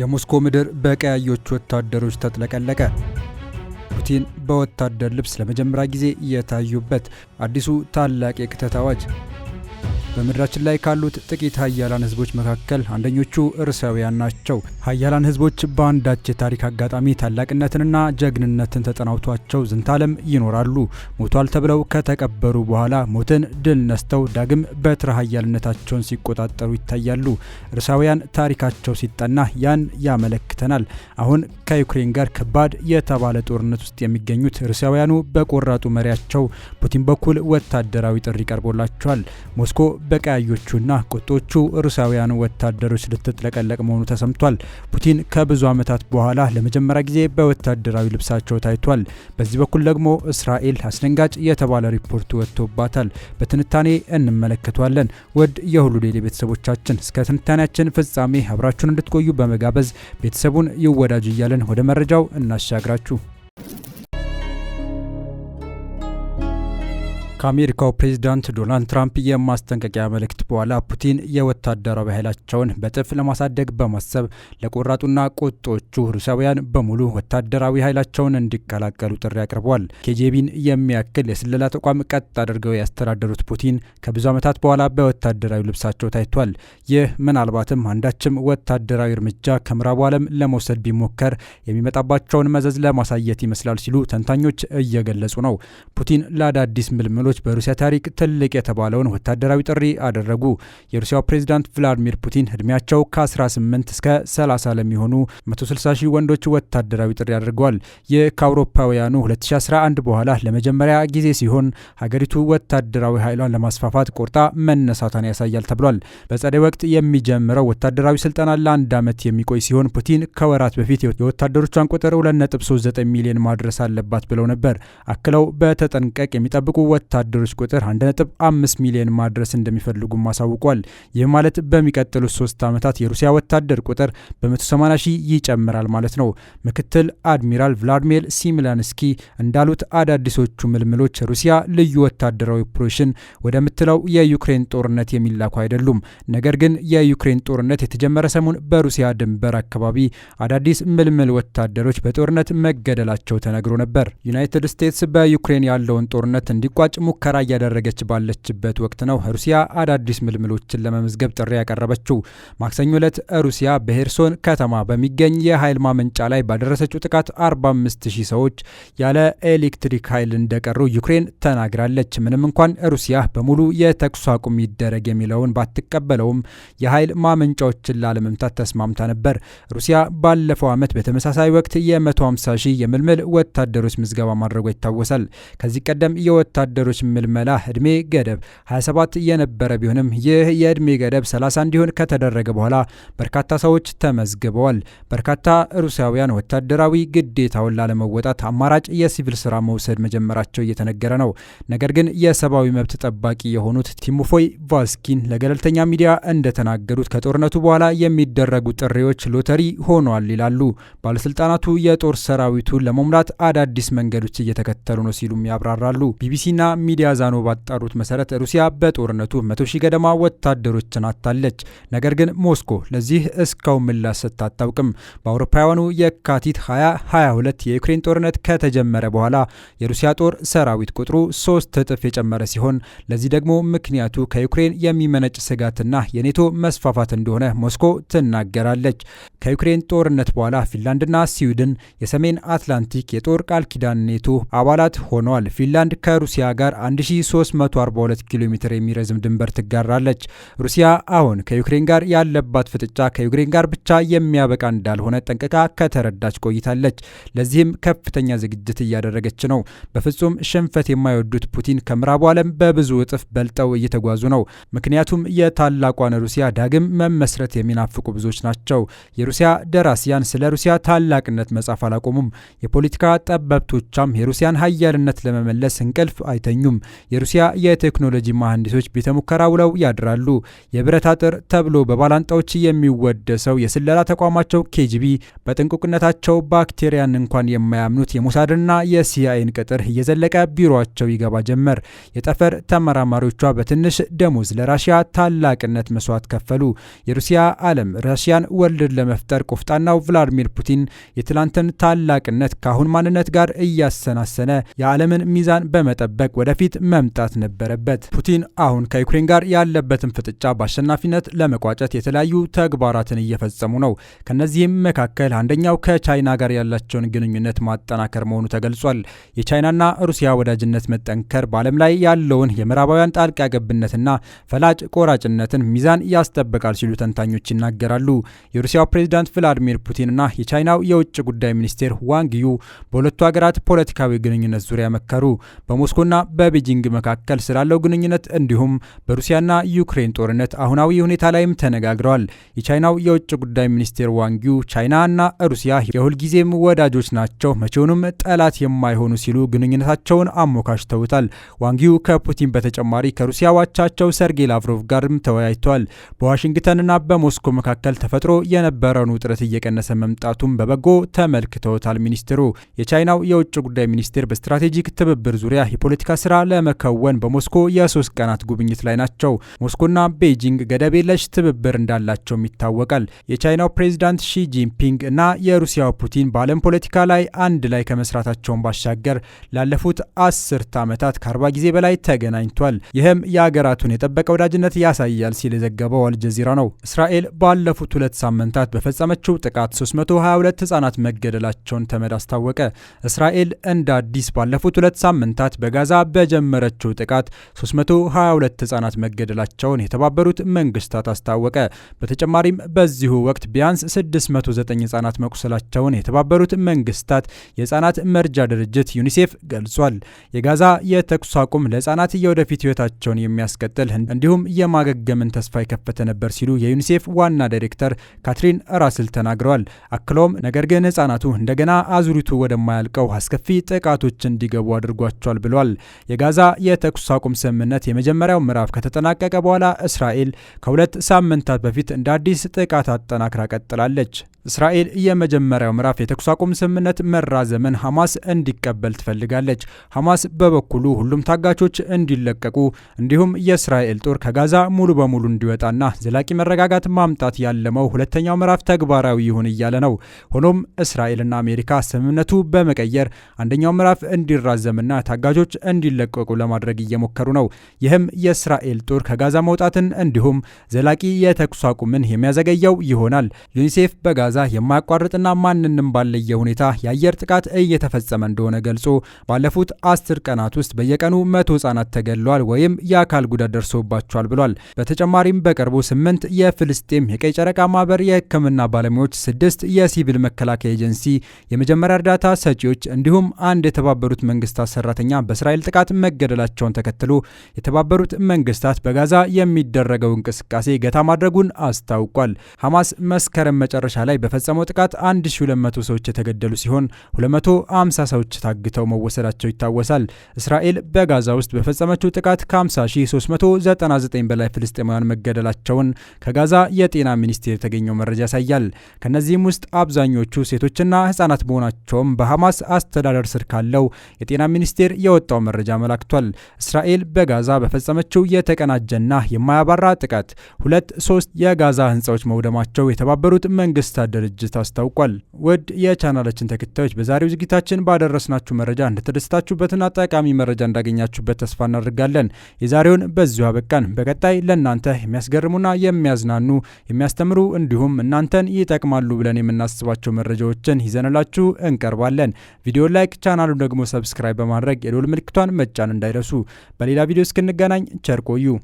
የሞስኮ ምድር በቀያዮች ወታደሮች ተጥለቀለቀ። ፑቲን በወታደር ልብስ ለመጀመሪያ ጊዜ የታዩበት አዲሱ ታላቅ የክተት አዋጅ በምድራችን ላይ ካሉት ጥቂት ሀያላን ህዝቦች መካከል አንደኞቹ እርሳውያን ናቸው። ሀያላን ህዝቦች በአንዳች የታሪክ አጋጣሚ ታላቅነትንና ጀግንነትን ተጠናውቷቸው ዝንታለም ይኖራሉ። ሞቷል ተብለው ከተቀበሩ በኋላ ሞትን ድል ነስተው ዳግም በትረ ሀያልነታቸውን ሲቆጣጠሩ ይታያሉ። እርሳውያን ታሪካቸው ሲጠና ያን ያመለክተናል። አሁን ከዩክሬን ጋር ከባድ የተባለ ጦርነት ውስጥ የሚገኙት እርሳውያኑ በቆራጡ መሪያቸው ፑቲን በኩል ወታደራዊ ጥሪ ቀርቦላቸዋል። ሞስኮ በቀያዮቹና ቁጦቹ ሩሳውያን ወታደሮች ልትጥለቀለቅ መሆኑ ተሰምቷል። ፑቲን ከብዙ ዓመታት በኋላ ለመጀመሪያ ጊዜ በወታደራዊ ልብሳቸው ታይቷል። በዚህ በኩል ደግሞ እስራኤል አስደንጋጭ የተባለ ሪፖርት ወጥቶባታል። በትንታኔ እንመለከተዋለን። ውድ የሁሉ ዴይሊ ቤተሰቦቻችን እስከ ትንታኔያችን ፍጻሜ አብራችሁን እንድትቆዩ በመጋበዝ ቤተሰቡን ይወዳጁ እያለን ወደ መረጃው እናሻግራችሁ። ከአሜሪካው ፕሬዚዳንት ዶናልድ ትራምፕ የማስጠንቀቂያ መልእክት በኋላ ፑቲን የወታደራዊ ኃይላቸውን በጥፍ ለማሳደግ በማሰብ ለቆራጡና ቁጦቹ ሩሲያውያን በሙሉ ወታደራዊ ኃይላቸውን እንዲቀላቀሉ ጥሪ አቅርበዋል። ኬጄቢን የሚያክል የስለላ ተቋም ቀጥ አድርገው ያስተዳደሩት ፑቲን ከብዙ ዓመታት በኋላ በወታደራዊ ልብሳቸው ታይቷል። ይህ ምናልባትም አንዳችም ወታደራዊ እርምጃ ከምዕራቡ ዓለም ለመውሰድ ቢሞከር የሚመጣባቸውን መዘዝ ለማሳየት ይመስላል ሲሉ ተንታኞች እየገለጹ ነው። ፑቲን ለአዳዲስ ምልምሎች መሪዎች በሩሲያ ታሪክ ትልቅ የተባለውን ወታደራዊ ጥሪ አደረጉ። የሩሲያው ፕሬዚዳንት ቭላዲሚር ፑቲን ዕድሜያቸው ከ18 እስከ 30 ለሚሆኑ 160 ሺህ ወንዶች ወታደራዊ ጥሪ አድርገዋል። ይህ ከአውሮፓውያኑ 2011 በኋላ ለመጀመሪያ ጊዜ ሲሆን ሀገሪቱ ወታደራዊ ኃይሏን ለማስፋፋት ቆርጣ መነሳቷን ያሳያል ተብሏል። በጸደይ ወቅት የሚጀምረው ወታደራዊ ስልጠና ለአንድ ዓመት የሚቆይ ሲሆን ፑቲን ከወራት በፊት የወታደሮቿን ቁጥር 2.39 ሚሊዮን ማድረስ አለባት ብለው ነበር። አክለው በተጠንቀቅ የሚጠብቁ ወታ ወታደሮች ቁጥር 1.5 ሚሊዮን ማድረስ እንደሚፈልጉም አሳውቋል። ይህ ማለት በሚቀጥሉት ሶስት ዓመታት የሩሲያ ወታደር ቁጥር በ180 ሺህ ይጨምራል ማለት ነው። ምክትል አድሚራል ቭላድሚር ሲሚላንስኪ እንዳሉት አዳዲሶቹ ምልምሎች ሩሲያ ልዩ ወታደራዊ ኦፕሬሽን ወደምትለው የዩክሬን ጦርነት የሚላኩ አይደሉም። ነገር ግን የዩክሬን ጦርነት የተጀመረ ሰሞን በሩሲያ ድንበር አካባቢ አዳዲስ ምልምል ወታደሮች በጦርነት መገደላቸው ተነግሮ ነበር። ዩናይትድ ስቴትስ በዩክሬን ያለውን ጦርነት እንዲቋጭ ሙከራ እያደረገች ባለችበት ወቅት ነው ሩሲያ አዳዲስ ምልምሎችን ለመመዝገብ ጥሪ ያቀረበችው። ማክሰኞ ዕለት ሩሲያ በሄርሶን ከተማ በሚገኝ የኃይል ማመንጫ ላይ ባደረሰችው ጥቃት 45000 ሰዎች ያለ ኤሌክትሪክ ኃይል እንደቀሩ ዩክሬን ተናግራለች። ምንም እንኳን ሩሲያ በሙሉ የተኩስ አቁም ይደረግ የሚለውን ባትቀበለውም የኃይል ማመንጫዎችን ላለመምታት ተስማምታ ነበር። ሩሲያ ባለፈው ዓመት በተመሳሳይ ወቅት የ150 ሺህ የምልምል ወታደሮች ምዝገባ ማድረጓ ይታወሳል። ከዚህ ቀደም የወታደሮች ተጫዋቾች ምልመላ እድሜ ገደብ 27 የነበረ ቢሆንም ይህ የእድሜ ገደብ 30 እንዲሆን ከተደረገ በኋላ በርካታ ሰዎች ተመዝግበዋል። በርካታ ሩሲያውያን ወታደራዊ ግዴታውን ላለመወጣት አማራጭ የሲቪል ስራ መውሰድ መጀመራቸው እየተነገረ ነው። ነገር ግን የሰብአዊ መብት ጠባቂ የሆኑት ቲሞፎይ ቫስኪን ለገለልተኛ ሚዲያ እንደተናገሩት ከጦርነቱ በኋላ የሚደረጉ ጥሪዎች ሎተሪ ሆኗል ይላሉ። ባለስልጣናቱ የጦር ሰራዊቱ ለመሙላት አዳዲስ መንገዶች እየተከተሉ ነው ሲሉም ያብራራሉ። ቢቢሲና ሚዲያ ዛኖ ባጣሩት መሰረት ሩሲያ በጦርነቱ መቶ ሺህ ገደማ ወታደሮችን አታለች። ነገር ግን ሞስኮ ለዚህ እስካሁን ምላሽ ስታታውቅም። በአውሮፓውያኑ የካቲት 2022 የዩክሬን ጦርነት ከተጀመረ በኋላ የሩሲያ ጦር ሰራዊት ቁጥሩ ሶስት እጥፍ የጨመረ ሲሆን ለዚህ ደግሞ ምክንያቱ ከዩክሬን የሚመነጭ ስጋትና የኔቶ መስፋፋት እንደሆነ ሞስኮ ትናገራለች። ከዩክሬን ጦርነት በኋላ ፊንላንድና ስዊድን የሰሜን አትላንቲክ የጦር ቃል ኪዳን ኔቶ አባላት ሆነዋል። ፊንላንድ ከሩሲያ ጋር 1342 ኪሎ ሜትር የሚረዝም ድንበር ትጋራለች። ሩሲያ አሁን ከዩክሬን ጋር ያለባት ፍጥጫ ከዩክሬን ጋር ብቻ የሚያበቃ እንዳልሆነ ጠንቅቃ ከተረዳች ቆይታለች። ለዚህም ከፍተኛ ዝግጅት እያደረገች ነው። በፍጹም ሽንፈት የማይወዱት ፑቲን ከምዕራቡ ዓለም በብዙ እጥፍ በልጠው እየተጓዙ ነው። ምክንያቱም የታላቋን ሩሲያ ዳግም መመስረት የሚናፍቁ ብዙዎች ናቸው። የሩሲያ ደራሲያን ስለ ሩሲያ ታላቅነት መጻፍ አላቆሙም። የፖለቲካ ጠበብቶቻም የሩሲያን ሀያልነት ለመመለስ እንቅልፍ አይተኙ። አይገኙም። የሩሲያ የቴክኖሎጂ መሐንዲሶች ቤተ ሙከራ ውለው ያድራሉ። የብረት አጥር ተብሎ በባላንጣዎች የሚወደሰው የስለላ ተቋማቸው ኬጂቢ በጥንቁቅነታቸው ባክቴሪያን እንኳን የማያምኑት የሞሳድና የሲአይኤን ቅጥር እየዘለቀ ቢሮቸው ይገባ ጀመር። የጠፈር ተመራማሪዎቿ በትንሽ ደሞዝ ለራሽያ ታላቅነት መስዋዕት ከፈሉ። የሩሲያ ዓለም ራሽያን ወርልድ ለመፍጠር ቆፍጣናው ቭላድሚር ፑቲን የትላንትን ታላቅነት ከአሁን ማንነት ጋር እያሰናሰነ የዓለምን ሚዛን በመጠበቅ ወደ በፊት መምጣት ነበረበት። ፑቲን አሁን ከዩክሬን ጋር ያለበትን ፍጥጫ በአሸናፊነት ለመቋጨት የተለያዩ ተግባራትን እየፈጸሙ ነው። ከነዚህም መካከል አንደኛው ከቻይና ጋር ያላቸውን ግንኙነት ማጠናከር መሆኑ ተገልጿል። የቻይናና ሩሲያ ወዳጅነት መጠንከር በዓለም ላይ ያለውን የምዕራባውያን ጣልቃ ገብነትና ፈላጭ ቆራጭነትን ሚዛን ያስጠበቃል ሲሉ ተንታኞች ይናገራሉ። የሩሲያው ፕሬዚዳንት ቭላዲሚር ፑቲንና የቻይናው የውጭ ጉዳይ ሚኒስቴር ዋንግዩ በሁለቱ ሀገራት ፖለቲካዊ ግንኙነት ዙሪያ መከሩ። በሞስኮና በ በቤጂንግ መካከል ስላለው ግንኙነት እንዲሁም በሩሲያና ዩክሬን ጦርነት አሁናዊ ሁኔታ ላይም ተነጋግረዋል። የቻይናው የውጭ ጉዳይ ሚኒስቴር ዋንጊው ቻይናና ሩሲያ የሁልጊዜም ወዳጆች ናቸው፣ መቼውንም ጠላት የማይሆኑ ሲሉ ግንኙነታቸውን አሞካሽተውታል። ዋንጊው ከፑቲን በተጨማሪ ከሩሲያ ዋቻቸው ሰርጌይ ላቭሮቭ ጋርም ተወያይተዋል። በዋሽንግተንና በሞስኮ መካከል ተፈጥሮ የነበረውን ውጥረት እየቀነሰ መምጣቱም በበጎ ተመልክተውታል። ሚኒስትሩ የቻይናው የውጭ ጉዳይ ሚኒስቴር በስትራቴጂክ ትብብር ዙሪያ የፖለቲካ ስራ ለመከወን በሞስኮ የሶስት ቀናት ጉብኝት ላይ ናቸው። ሞስኮና ቤጂንግ ገደብ የለሽ ትብብር እንዳላቸውም ይታወቃል። የቻይናው ፕሬዚዳንት ሺ ጂንፒንግ እና የሩሲያው ፑቲን በዓለም ፖለቲካ ላይ አንድ ላይ ከመስራታቸውን ባሻገር ላለፉት አስርት ዓመታት ከአርባ ጊዜ በላይ ተገናኝቷል። ይህም የአገራቱን የጠበቀ ወዳጅነት ያሳያል ሲል የዘገበው አልጀዚራ ነው። እስራኤል ባለፉት ሁለት ሳምንታት በፈጸመችው ጥቃት 322 ህጻናት መገደላቸውን ተመድ አስታወቀ። እስራኤል እንደ አዲስ ባለፉት ሁለት ሳምንታት በጋዛ በጀመረችው ጥቃት 322 ህጻናት መገደላቸውን የተባበሩት መንግስታት አስታወቀ። በተጨማሪም በዚሁ ወቅት ቢያንስ 609 ህጻናት መቁሰላቸውን የተባበሩት መንግስታት የህጻናት መርጃ ድርጅት ዩኒሴፍ ገልጿል። የጋዛ የተኩስ አቁም ለህጻናት የወደፊት ህይወታቸውን የሚያስቀጥል እንዲሁም የማገገምን ተስፋ የከፈተ ነበር ሲሉ የዩኒሴፍ ዋና ዳይሬክተር ካትሪን ራስል ተናግረዋል። አክለውም ነገር ግን ህጻናቱ እንደገና አዙሪቱ ወደማያልቀው አስከፊ ጥቃቶች እንዲገቡ አድርጓቸዋል ብሏል። የጋዛ የተኩስ አቁም ስምምነት የመጀመሪያው ምዕራፍ ከተጠናቀቀ በኋላ እስራኤል ከሁለት ሳምንታት በፊት እንደ አዲስ ጥቃት አጠናክራ ቀጥላለች። እስራኤል የመጀመሪያው ምዕራፍ የተኩስ አቁም ስምምነት መራዘምን ሐማስ እንዲቀበል ትፈልጋለች። ሐማስ በበኩሉ ሁሉም ታጋቾች እንዲለቀቁ እንዲሁም የእስራኤል ጦር ከጋዛ ሙሉ በሙሉ እንዲወጣና ዘላቂ መረጋጋት ማምጣት ያለመው ሁለተኛው ምዕራፍ ተግባራዊ ይሁን እያለ ነው። ሆኖም እስራኤልና አሜሪካ ስምምነቱ በመቀየር አንደኛው ምዕራፍ እንዲራዘምና ታጋቾች እንዲለቀቁ ለማድረግ እየሞከሩ ነው። ይህም የእስራኤል ጦር ከጋዛ መውጣትን እንዲሁም ዘላቂ የተኩስ አቁምን የሚያዘገየው ይሆናል። ዩኒሴፍ በጋዛ በተያያዘ የማያቋርጥና ማንንም ባለየ ሁኔታ የአየር ጥቃት እየተፈጸመ እንደሆነ ገልጾ ባለፉት አስር ቀናት ውስጥ በየቀኑ መቶ ህጻናት ተገድለዋል ወይም የአካል ጉዳት ደርሶባቸዋል ብሏል። በተጨማሪም በቅርቡ ስምንት የፍልስጤም የቀይ ጨረቃ ማህበር የህክምና ባለሙያዎች፣ ስድስት የሲቪል መከላከያ ኤጀንሲ የመጀመሪያ እርዳታ ሰጪዎች እንዲሁም አንድ የተባበሩት መንግስታት ሰራተኛ በእስራኤል ጥቃት መገደላቸውን ተከትሎ የተባበሩት መንግስታት በጋዛ የሚደረገው እንቅስቃሴ ገታ ማድረጉን አስታውቋል። ሐማስ መስከረም መጨረሻ ላይ በፈጸመው ጥቃት 1200 ሰዎች የተገደሉ ሲሆን 250 ሰዎች ታግተው መወሰዳቸው ይታወሳል። እስራኤል በጋዛ ውስጥ በፈጸመችው ጥቃት ከ50399 በላይ ፍልስጤማውያን መገደላቸውን ከጋዛ የጤና ሚኒስቴር የተገኘው መረጃ ያሳያል። ከእነዚህም ውስጥ አብዛኞቹ ሴቶችና ህጻናት መሆናቸውም በሐማስ አስተዳደር ስር ካለው የጤና ሚኒስቴር የወጣው መረጃ መላክቷል። እስራኤል በጋዛ በፈጸመችው የተቀናጀና የማያባራ ጥቃት ሁለት ሶስት የጋዛ ህንፃዎች መውደማቸው የተባበሩት መንግስታት ድርጅት አስታውቋል። ውድ የቻናላችን ተከታዮች በዛሬው ዝግጅታችን ባደረስናችሁ መረጃ እንደተደስታችሁበትና ጠቃሚ መረጃ እንዳገኛችሁበት ተስፋ እናደርጋለን። የዛሬውን በዚሁ አበቃን። በቀጣይ ለእናንተ የሚያስገርሙና የሚያዝናኑ የሚያስተምሩ እንዲሁም እናንተን ይጠቅማሉ ብለን የምናስባቸው መረጃዎችን ይዘንላችሁ እንቀርባለን። ቪዲዮ ላይክ፣ ቻናሉን ደግሞ ሰብስክራይብ በማድረግ የዶል ምልክቷን መጫን እንዳይረሱ። በሌላ ቪዲዮ እስክንገናኝ ቸር ቆዩ።